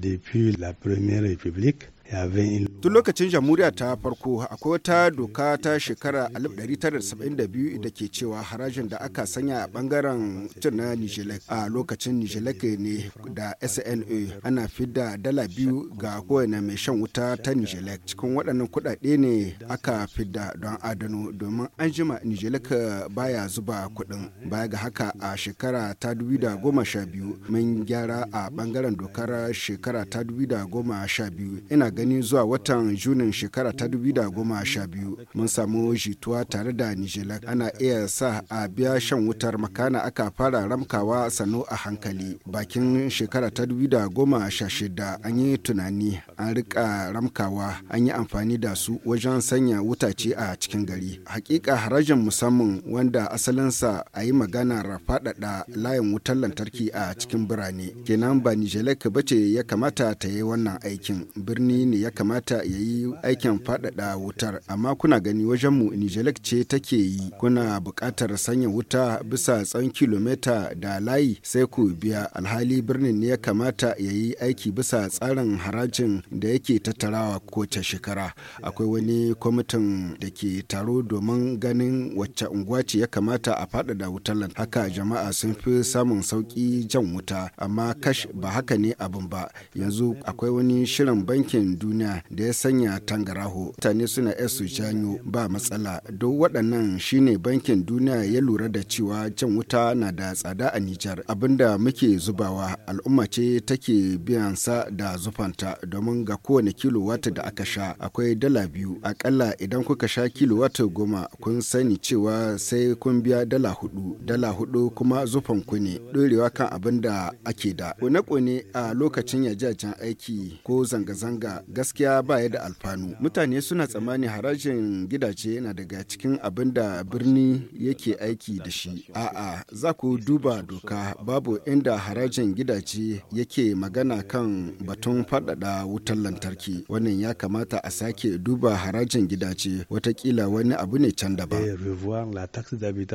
depuis la Première République Tun lokacin jamhuriya ta farko akwai wata doka ta shekara 1972 da ke cewa harajin da aka sanya a bangaren cin na Nijilek a lokacin Nijilek ne da SNA ana fidda dala biyu ga kowane mai shan wuta ta Nijilek cikin waɗannan kuɗaɗe ne aka fidda don adano domin an jima Nijilek baya zuba kuɗin baya ga haka a shekara ta 2012 mun gyara a bangaren dokar shekara ta 2012 ina gani zuwa watan Junin shekara ta biyu mun samu jituwa tare da Nijilak ana iya sa a biya shan wutar makana aka fara ramkawa sano a hankali bakin shekara ta shida an yi tunani an rika ramkawa an yi amfani da su wajen sanya wutace a cikin gari. Hakika harajin musamman wanda asalinsa a yi maganar faɗaɗa layin wutar lantarki a cikin birane kenan ba Nijelek ba ce ya kamata ta yi wannan aikin birni ne ya kamata ya yi aikin faɗaɗa wutar amma kuna gani wajenmu nijelek ce take yi kuna buƙatar sanya wuta bisa tsawon kilomita da layi sai ku biya alhali birnin ne ya kamata ya yi aiki bisa tsarin harajin da yake tattarawa kowace shekara akwai wani kwamitin da ke taro domin ganin wacce unguwa ce ya kamata a faɗaɗa wutar haka jama'a sun fi samun sauƙi jan wuta amma kash ba haka ne abin ba yanzu akwai wani shirin bankin duniya da ya sanya tangaraho mutane suna 'yar su janyo ba matsala don waɗannan shine bankin duniya ya lura da cewa can wuta na da tsada a nijar abinda muke zubawa al'umma ce take biyan sa da zufanta domin ga kowane kilo kilowata da aka sha akwai dala biyu akalla idan kuka sha kilo kilowata goma kun sani cewa sai kun biya dala hudu dala hudu kuma zufan ku ne dorewa kan abin da ake da kone-kone a lokacin yajajen aiki ko zanga-zanga gaskiya ba ya da alfanu mutane suna tsammani harajin gidaje yana daga cikin abin da birni yake aiki da shi a'a za ku duba doka babu inda harajin gidaje yake magana kan batun faɗaɗa wutar lantarki wannan ya kamata a sake duba harajin gidaje watakila wani abu ne can daban